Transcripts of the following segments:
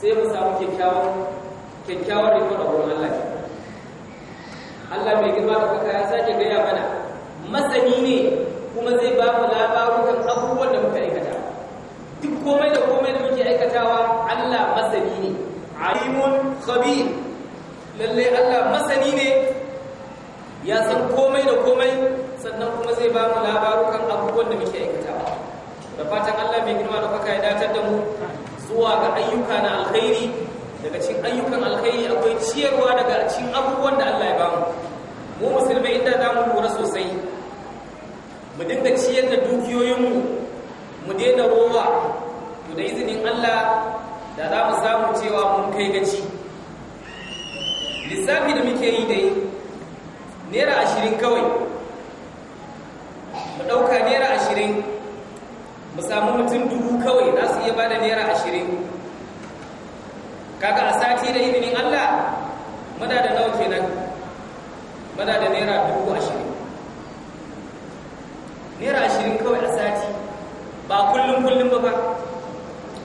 sai mu samu kyakkyawan kyakkyawar rikon a wurin Allah Allah mai girma da kuka ya sake gaya mana masani ne kuma zai ba mu kan abubuwan da muka aikata duk komai da komai da muke aikatawa Allah masani ne alimun khabir lalle Allah masani ne ya san komai da komai sannan kuma zai ba mu labarukan zuwa ga ayyuka na alkhairi daga cikin ayyukan alkhairi akwai ciyarwa daga cikin abubuwan da Allah ya ba mu mu musulmai inda za mu lura sosai mu dinga ciyar da dukiyoyinmu mu daina rowa to da izinin Allah da za mu samu cewa mun kai gaci lissafi da muke yi dai naira ashirin kawai mu ɗauka naira ashirin mu samu mutum dubu kawai iya bada naira ashirin kaga a sati da izinin Allah mada da nawa kenan mada da naira dubu ashirin naira ashirin kawai a sati ba kullum kullum ba ba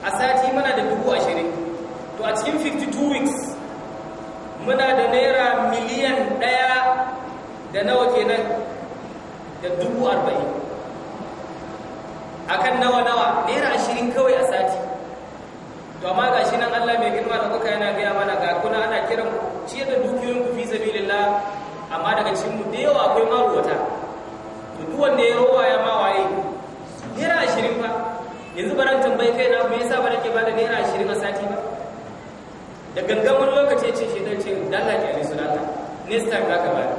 a sati mana da dubu ashirin to a cikin 52 weeks muna da naira miliyan daya da nawa kenan da dubu arba'in akan nawa nawa naira ashirin kawai a sati to amma ga shi nan Allah mai girma da kuka yana gaya mana ga kuna ana kiran ciye da dukiyoyin ku fi sabilillah amma daga cikin mu da yawa akwai maruwata to duk wanda ya rowa ya ma waye naira ashirin fa yanzu baran tambayi kai na me yasa ba nake bada naira ashirin a sati ba da gangan wani lokaci ce ce dan ce Allah ke alisu nata nesta ka zaka bayar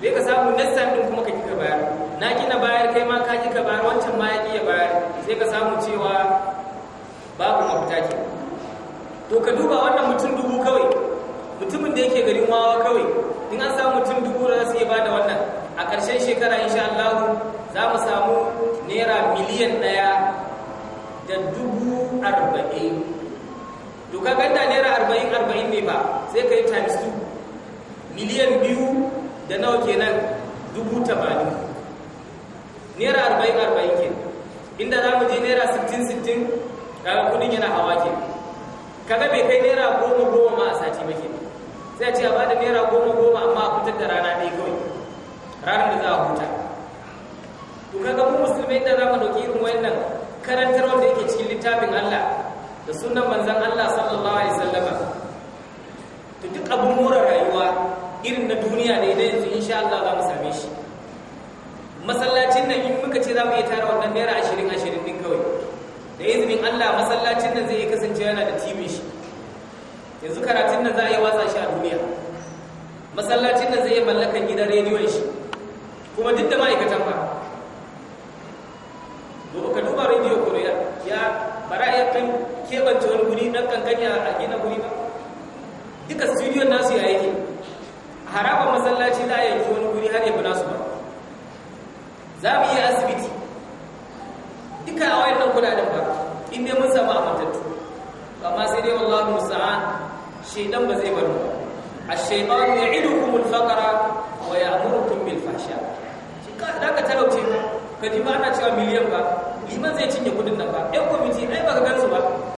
bai ka samu nesta din kuma ka kika bayar na kina bayar kai ma ta bayar wancan ma ya iya bayar sai ka samu cewa babu mafita ke to ka duba wannan mutum dubu kawai mutumin da yake garin wawa kawai in an samu mutum dubu da zai ba da wannan a ƙarshen shekara insha Allah za mu samu naira miliyan ɗaya da dubu arba'in to ka ganda naira arba'in arba'in ne ba sai ka yi times two miliyan biyu da nawa kenan dubu ta ba. naira arba'in arba'in ke inda za mu je naira sittin sittin daga kudin yana hawa ke kaga bai kai naira goma goma ma a sati ba ke sai a ce a bada naira goma goma amma a fitar da rana ɗaya kawai ranar da za a huta to kaga mu musulmi inda za mu ɗauki irin wannan karantarwar da yake cikin littafin Allah da sunan manzan Allah sallallahu alaihi wasallama to duk abun more rayuwa irin na duniya ne da yanzu insha Allah za mu same shi nan in muka ce za mu iya tara wannan naira ashirin ashirin din kawai da izinin allah masallacin nan zai kasance yana da tibin shi yanzu karatun nan za a yi watsa shi a duniya masallacin nan zai yi mallakan gidan rediyon shi kuma duk da ma'aikatan ba Gobe ka duba rediyo ko ya bara ya kan keɓance wani guri na kankanya a gina guri ba duka studio nasu ya yake harabar masallaci za a yanki wani guri har yabi nasu za mu yi asibiti duka a wayan nan kudaden ba in dai mun a matattu. amma sai dai wallahi musa'a. shaidan ba zai bar mu ash-shaytan ya'idukum al fakara wa ya ya'murukum bil fahsha shi ka da ka talauce ka ji ba ana cewa miliyan ba liman zai cinye kudin nan ba ɗan kwamiti ai ba ka gansu ba